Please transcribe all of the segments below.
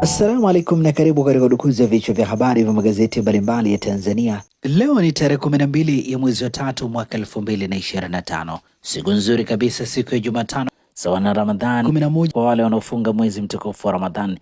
Assalamu alaikum na karibu katika udukuzi ya vichwa vya habari vya magazeti mbalimbali ya Tanzania. Leo ni tarehe kumi na mbili ya mwezi wa tatu mwaka tano. siku nzuri kabisa, siku ya Jumatano sawa na Ramadhan moja kwa wale wanaofunga mwezi mtukufu wa Ramadhan.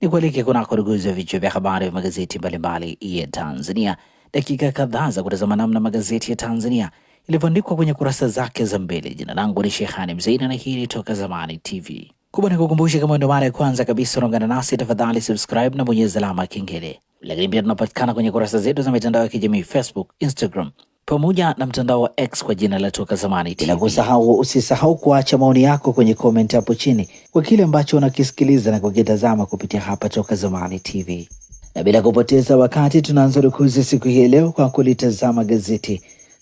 Ni kualike kunako udukuzi ya vichwa vya habari vya magazeti mbalimbali ya Tanzania, dakika kadhaa za kutazama namna magazeti ya Tanzania ilivyoandikwa kwenye kurasa zake za mbele. Jina langu ni shehani Mzeina na hii ni Toka Zamani TV. Kubwa ni kukumbusha, kama ndo mara ya kwanza kabisa unaungana nasi, tafadhali subscribe na bonyeza alama ya kengele. Lakini pia tunapatikana kwenye kurasa zetu za mitandao ya kijamii Facebook, Instagram pamoja na mtandao wa X kwa jina la Toka Zamani. Bila kusahau, usisahau kuacha maoni yako kwenye comment hapo chini kwa kile ambacho unakisikiliza na kukitazama kupitia hapa Toka Zamani TV, na bila kupoteza wakati tunaanza rukuzi siku hii leo kwa kulitazama gazeti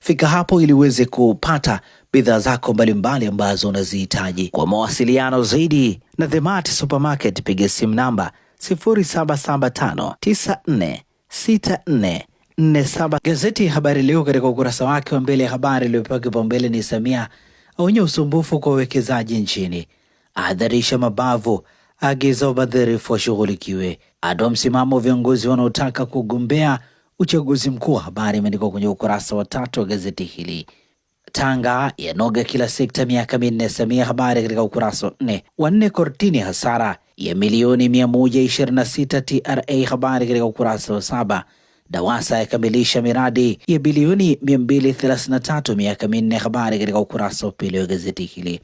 fika hapo ili uweze kupata bidhaa zako mbalimbali ambazo unazihitaji. Kwa mawasiliano zaidi na Mart Supermarket piga simu namba 0775946447. Gazeti ya Habari Leo katika ukurasa wake wa mbele ya habari iliyopewa kipaumbele ni Samia aonye usumbufu kwa uwekezaji nchini, ahadharisha mabavu, agiza ubadhirifu washughulikiwe, atoa msimamo viongozi wanaotaka kugombea uchaguzi mkuu wa habari imeandikwa kwenye ukurasa wa tatu wa gazeti hili. Tanga yanoga kila sekta miaka minne Samia, habari katika ukurasa wa nne. Wanne kortini hasara ya milioni 126 TRA, habari katika ukurasa wa saba. DAWASA yakamilisha miradi ya bilioni 233 miaka minne, habari katika ukurasa wa pili wa gazeti hili.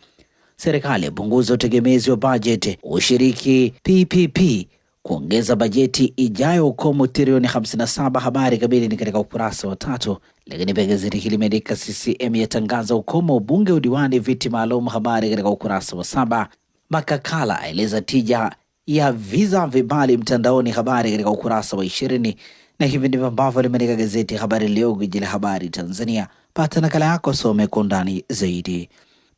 Serikali yapunguza utegemezi wa bajeti, ushiriki PPP kuongeza bajeti ijayo ukomo trilioni 57. Habari kamili ni katika ukurasa wa tatu. Lakini pia gazeti hili limeandika CCM yatangaza ukomo ubunge, udiwani, viti maalum. Habari katika ukurasa wa saba. Makakala aeleza tija ya visa vibali mtandaoni. Habari katika ukurasa wa ishirini na hivi ndivyo ambavyo limeandika gazeti Habari Leo, gwiji la habari Tanzania. Pata nakala yako, some kwa undani zaidi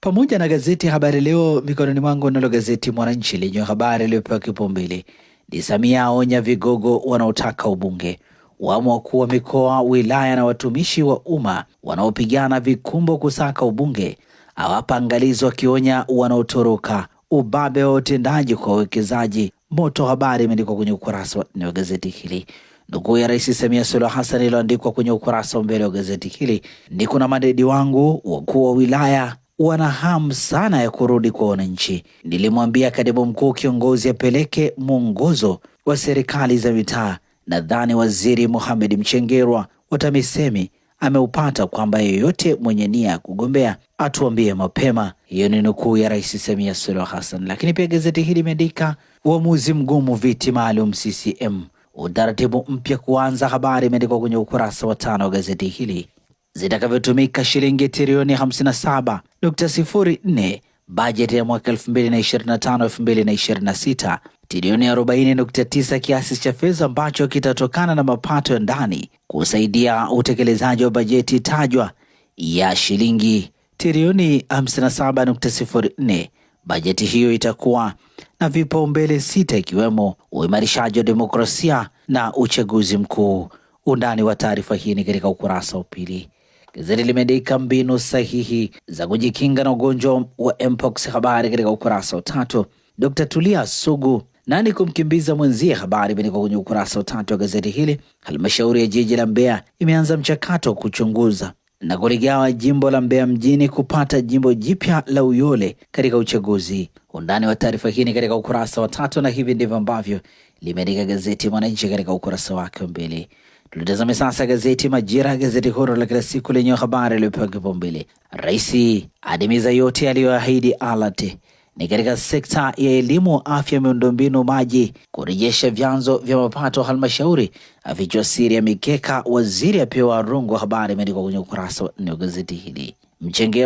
pamoja na gazeti Habari Leo mikononi mwangu. Nalo gazeti Mwananchi lenye habari iliyopewa kipaumbele ni Samia aonya vigogo wanaotaka ubunge. Wamo wakuu wa mikoa, wilaya na watumishi wa umma wanaopigana vikumbo kusaka ubunge, awapa angalizo wakionya wanaotoroka ubabe wa utendaji kwa wawekezaji. Moto habari imeandikwa kwenye ukurasa wa nne wa gazeti hili. Nukuu ya Rais Samia Suluhu Hassan iliyoandikwa kwenye ukurasa wa mbele wa gazeti hili ni kuna madedi wangu wakuu wa wilaya wana hamu sana ya kurudi kwa wananchi. Nilimwambia katibu mkuu kiongozi apeleke mwongozo wa serikali za mitaa. Nadhani waziri Mohamed Mchengerwa wa TAMISEMI ameupata kwamba yeyote mwenye nia ya kugombea atuambie mapema. Hiyo ni nukuu ya Rais Samia Suluhu Hassan. Lakini pia gazeti hili limeandika uamuzi mgumu viti maalum CCM, utaratibu mpya kuanza. Habari imeandikwa kwenye ukurasa wa tano wa gazeti hili. Zitakavyotumika shilingi trilioni 57 4.04 bajeti ya mwaka 2025 2026 trilioni 40.9 kiasi cha fedha ambacho kitatokana na mapato ya ndani kusaidia utekelezaji wa bajeti tajwa ya shilingi trilioni 57.04. Bajeti hiyo itakuwa na vipaumbele sita ikiwemo uimarishaji wa demokrasia na uchaguzi mkuu. Undani wa taarifa hii ni katika ukurasa wa pili. Gazeti limeandika mbinu sahihi za kujikinga na ugonjwa wa mpox, habari katika ukurasa wa tatu. Dr. Tulia Sugu nani kumkimbiza mwenzie, habari imeandikwa kwenye ukurasa wa tatu wa gazeti hili. Halmashauri ya jiji la Mbeya imeanza mchakato wa kuchunguza na kuligawa jimbo la Mbeya mjini kupata jimbo jipya la Uyole katika uchaguzi. Undani wa taarifa hii ni katika ukurasa wa tatu, na hivi ndivyo ambavyo limeandika gazeti Mwananchi katika ukurasa wake wa mbili. Tunatazame sasa gazeti Majira, gazeti huru la kila siku lenye habari iliyopewa kipaumbele. Rais adimiza yote aliyoahidi alate ni katika sekta ya elimu, afya, miundombinu, maji, kurejesha vyanzo vya mapato halmashauri, afichua siri ya mikeka, waziri apewa rungu. Habari imeandikwa kwenye ukurasa wa nne wa gazeti hili.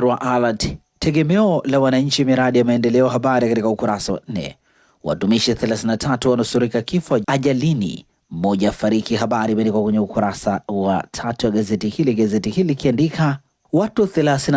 wa alat tegemeo la wananchi, miradi ya maendeleo, habari katika ukurasa wa nne. Watumishi 33 wanusurika kifo ajalini mmoja fariki Habari imeandikwa kwenye ukurasa wa tatu wa gazeti hili, gazeti hili likiandika watu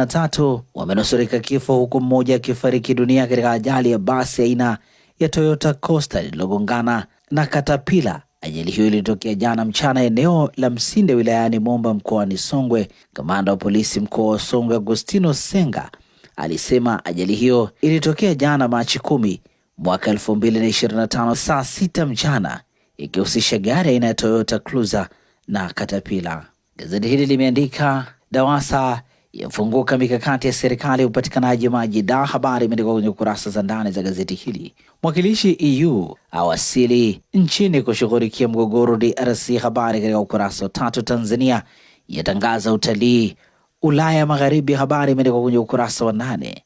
tatu wamenusurika kifo huku mmoja akifariki dunia katika ajali ya basi aina ya Toyota costa lililogongana na Katapila. Ajali hiyo ilitokea jana mchana eneo la Msinde wilayani Momba mkoani Songwe. Kamanda wa polisi mkoa wa Songwe Agostino Senga alisema ajali hiyo ilitokea jana Machi kumi mwaka elfu mbili na ishirini na tano saa sita mchana ikihusisha gari aina ya Toyota Cruiser na katapila Gazeti hili limeandika DAWASA yafunguka mikakati ya serikali ya upatikanaji maji da. Habari imeandikwa kwenye kurasa za ndani za gazeti hili. Mwakilishi EU awasili nchini kushughulikia mgogoro DRC. Habari katika ukurasa wa tatu. Tanzania yatangaza utalii Ulaya Magharibi. Habari imeandikwa kwenye ukurasa wa nane.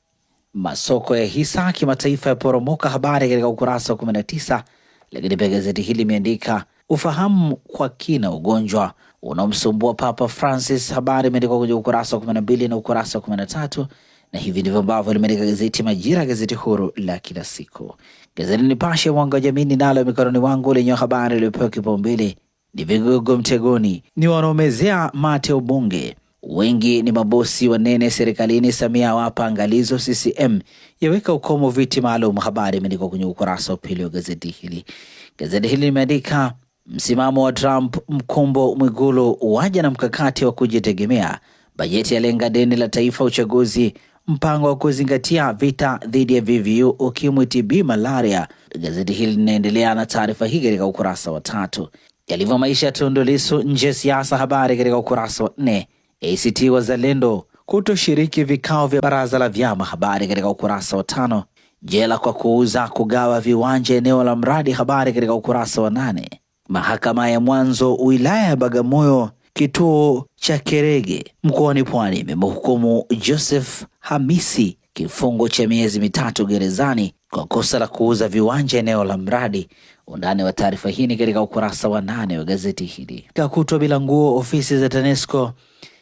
Masoko ya hisa kimataifa yaporomoka. Habari katika ukurasa wa kumi na tisa lakini pia gazeti hili limeandika ufahamu kwa kina ugonjwa unaomsumbua Papa Francis. Habari imeandikwa kwenye ukurasa wa kumi na mbili na ukurasa wa kumi na tatu na hivi ndivyo ambavyo limeandika gazeti Majira, gazeti huru la kila siku. Gazeti Nipashe mwanga wa jamii nalo mikononi wangu lenye habari iliyopewa kipaumbele ni vigogo mtegoni, ni wanaomezea mate ubunge Wengi ni mabosi wanene serikalini. Samia wapa angalizo, CCM yaweka ukomo viti maalum. Habari imeandikwa kwenye ukurasa wa pili wa gazeti hili. Gazeti hili limeandika msimamo wa Trump, Mkumbo Mwigulu waja na mkakati wa kujitegemea, bajeti yalenga deni la taifa, uchaguzi mpango wa kuzingatia vita dhidi ya VVU, ukimwi, TB, malaria. Gazeti hili linaendelea na taarifa hii katika ukurasa wa tatu. Yalivyo maisha ya Tundu Lissu nje siasa, habari katika ukurasa wa nne. ACT Wazalendo kutoshiriki vikao vya baraza la vyama habari katika ukurasa wa tano. Jela kwa kuuza kugawa viwanja eneo la mradi habari katika ukurasa wa nane. Mahakama ya mwanzo wilaya ya Bagamoyo kituo cha Kerege mkoani Pwani imemhukumu Joseph Hamisi kifungo cha miezi mitatu gerezani kwa kosa la kuuza viwanja eneo la mradi. Undani wa taarifa hii ni katika ukurasa wa nane wa gazeti hili. Kakutwa bila nguo ofisi za TANESCO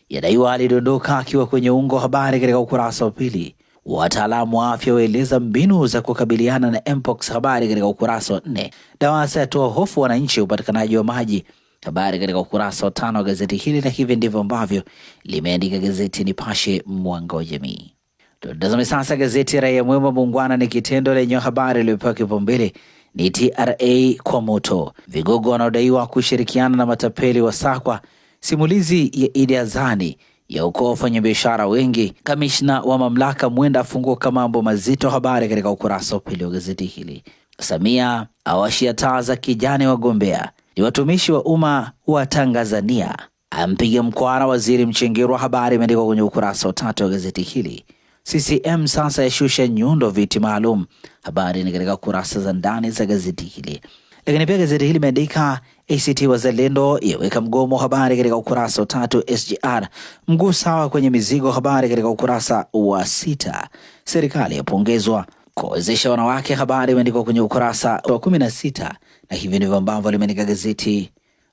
yadaiwa alidondoka akiwa kwenye ungo wa habari katika ukurasa wa pili. Wataalamu wa afya waeleza mbinu za kukabiliana na mpox, habari katika ukurasa wa nne. DAWASA yatoa hofu wananchi upatikanaji wa maji, habari katika ukurasa wa tano wa gazeti hili, na hivi ndivyo ambavyo limeandika gazeti Nipashe mwanga wa jamii. Tutazame sasa gazeti Raia Mwema. Muungwana ni kitendo lenye habari iliyopewa kipaumbele ni TRA kwa moto, vigogo wanaodaiwa kushirikiana na matapeli wa sakwa Simulizi ya Idi Azani yaokoa wafanyabiashara wengi. Kamishna wa mamlaka mwenda afunguka mambo mazito, habari katika ukurasa wa pili wa gazeti hili. Samia awashia taa za kijani wagombea ni watumishi wa umma wa Tanzania, ampiga mkwara waziri Mchengerwa, habari imeandikwa kwenye ukurasa wa tatu wa gazeti hili. CCM sasa yashusha nyundo viti maalum, habari ni katika kurasa za ndani za gazeti hili. Lakini pia gazeti hili limeandika ACT Wazalendo yaweka mgomo, habari katika ukurasa wa tatu. SGR mguu sawa kwenye mizigo, habari katika ukurasa wa sita. Serikali yapongezwa kuwezesha wanawake, habari imeandikwa kwenye ukurasa wa kumi na sita. Na hivi ndivyo ambavyo limeandika gazeti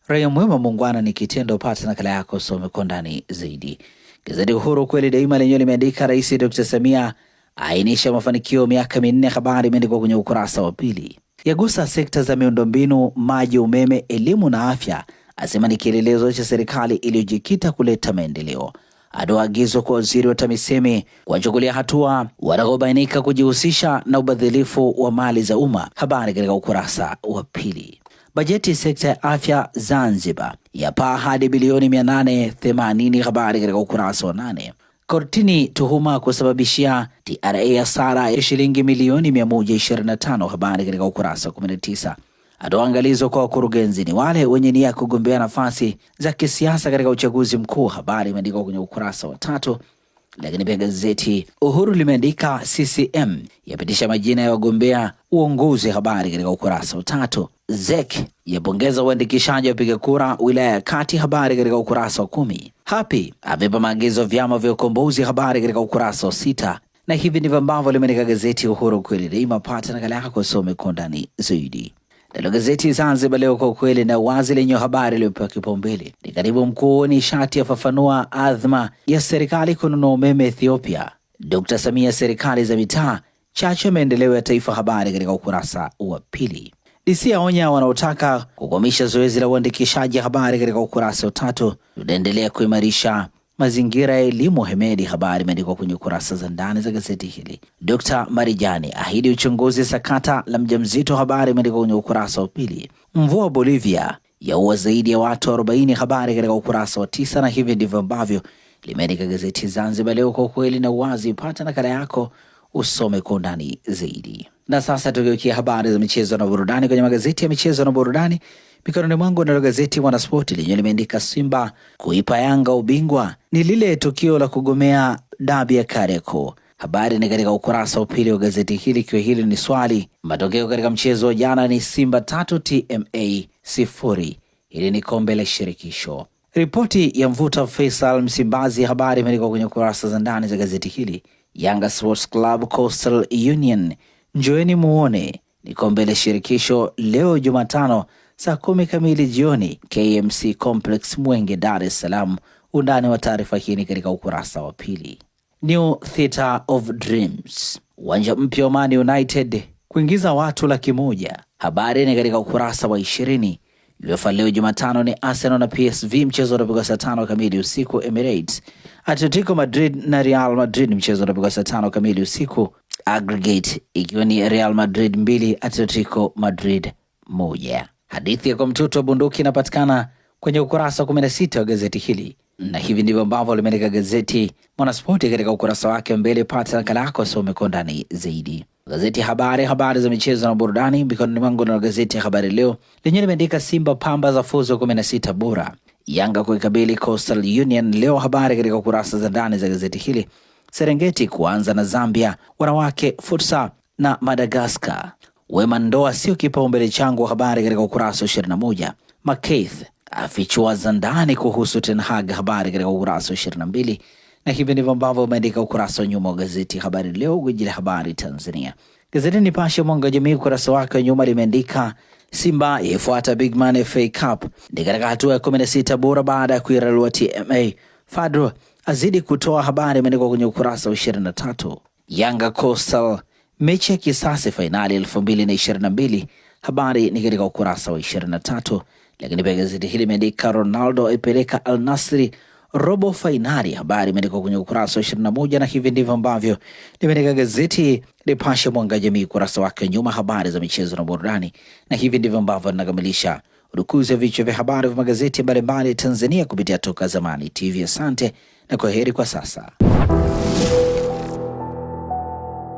Raia Mwema, muungwana ni kitendo. Pata nakala yako usome kwa ndani zaidi. Gazeti Uhuru kweli daima lenyewe limeandika Rais Dr Samia ainisha mafanikio miaka minne, habari imeandikwa kwenye ukurasa wa pili yagusa sekta za miundombinu, maji, umeme, elimu na afya, asema ni kielelezo cha serikali iliyojikita kuleta maendeleo. Atoa agizo kwa waziri wa TAMISEMI kuwachukulia hatua wanaobainika kujihusisha na ubadhilifu wa mali za umma. Habari katika ukurasa wa pili. Bajeti sekta ya afya Zanzibar yapaa hadi bilioni 880. Habari katika ukurasa wa nane. Kortini tuhuma kusababishia TRA hasara ya shilingi milioni 125. Habari katika ukurasa 19. Atoa angalizo kwa wakurugenzi ni wale wenye nia ya kugombea nafasi za kisiasa katika uchaguzi mkuu. Habari imeandikwa kwenye ukurasa wa tatu. Lakini pia gazeti Uhuru limeandika CCM yapitisha majina ya wagombea uongozi, habari katika ukurasa wa tatu. ZEC yapongeza uandikishaji wa wapiga kura wilaya ya Kati, habari katika ukurasa wa kumi. Hapi avipa maagizo vyama vya ukombozi, habari katika ukurasa wa sita na hivi ndivyo ambavyo limeandika gazeti Uhuru kweli daima. Pata nakala yako, some kwa zaidi. Nalo gazeti Zanzibar Leo, kwa ukweli na uwazi, lenye habari iliyopewa kipaumbele ni katibu mkuu nishati fafanua adhma ya serikali kununua umeme Ethiopia. Dkt Samia, serikali za mitaa, chache ya maendeleo ya taifa. Habari katika ukurasa wa pili. DC aonya wanaotaka kukwamisha zoezi la uandikishaji. Habari katika ukurasa wa tatu. Tunaendelea kuimarisha mazingira ya elimu Hemedi. Habari imeandikwa kwenye kurasa za ndani za gazeti hili. Dkt Marijani ahidi uchunguzi sakata la mjamzito, habari imeandikwa kwenye ukurasa wa pili. Mvua Bolivia yaua zaidi ya watu 40, habari katika ukurasa wa tisa. Na hivi ndivyo ambavyo limeandika gazeti Zanzibar Leo, kwa ukweli na uwazi. Pata nakala yako usome kwa undani zaidi. Na sasa tugeukia habari za michezo na burudani kwenye magazeti ya michezo na burudani Mikononi mwangu nalo gazeti Mwanaspoti lenyewe limeandika Simba kuipa Yanga ubingwa, ni lile tukio la kugomea dabi ya Kariakoo. Habari ni katika ukurasa wa pili wa gazeti hili, ikiwa hili ni swali. Matokeo katika mchezo wa jana ni Simba tatu TMA sifuri. Hili ni kombe la shirikisho. Ripoti ya mvuta Faisal Msimbazi, habari imeandikwa kwenye kurasa za ndani za gazeti hili. Yanga Sports Club Coastal Union, njoeni muone, ni kombe la shirikisho leo Jumatano saa kumi kamili jioni KMC Complex Mwenge, Dar es Salaam. Undani wa taarifa hii ni katika ukurasa wa pili. New Theater of Dreams, uwanja mpya wa Man United kuingiza watu laki moja. Habari ni katika ukurasa wa ishirini. Iliyofa leo Jumatano ni Arsenal na PSV, mchezo unapigwa saa tano kamili usiku Emirates. Atletico Madrid na Real Madrid, mchezo unapigwa saa tano kamili usiku aggregate ikiwa ni Real Madrid mbili Atletico Madrid moja. Hadithi ya kwa mtoto wa bunduki inapatikana kwenye ukurasa wa 16 wa gazeti hili, na hivi ndivyo ambavyo limeandika gazeti Mwanaspoti katika ukurasa wake mbele. Pata nakala yako, some kwa ndani zaidi. Gazeti Habari, habari za michezo na burudani mikononi mwangu. Na gazeti ya Habari Leo lenyewe limeandika Simba Pamba za fuzo 16 bora, Yanga kuikabili Coastal Union leo. Habari katika kurasa za ndani za gazeti hili. Serengeti kuanza na Zambia wanawake fursa na Madagaskar. Wema ndoa sio kipaumbele changu, habari katika ukurasa wa 21. McKeith afichua za ndani kuhusu Ten Hag, habari katika ukurasa wa 22. Na hivi ndivyo ambavyo umeandika ukurasa wa nyuma wa gazeti Habari Leo, gwiji la habari Tanzania. Gazeti Nipashe Mwanga wa Jamii ukurasa wake wa nyuma limeandika Simba ifuata Man FA Cup ni katika hatua ya 16 bora baada ya kuiralua TMA. Fadro azidi kutoa habari imeandikwa kwenye ukurasa wa 23. Yanga Coastal Mechi ya kisasi fainali elfu mbili na ishirini na mbili habari ni katika ukurasa wa ishirini na tatu. Lakini pia gazeti hili imeandika Ronaldo aipeleka Al Nasri robo fainali, habari imeandikwa kwenye ukurasa wa ishirini na moja na hivi ndivyo ambavyo limeandika gazeti Nipashe Mwanga Jamii ukurasa wake nyuma, habari za michezo na burudani, na hivi ndivyo ambavyo linakamilisha rukuzi wa vichwa vya habari vya magazeti mbalimbali Tanzania kupitia Toka Zamani TV. Asante na kwa heri kwa sasa.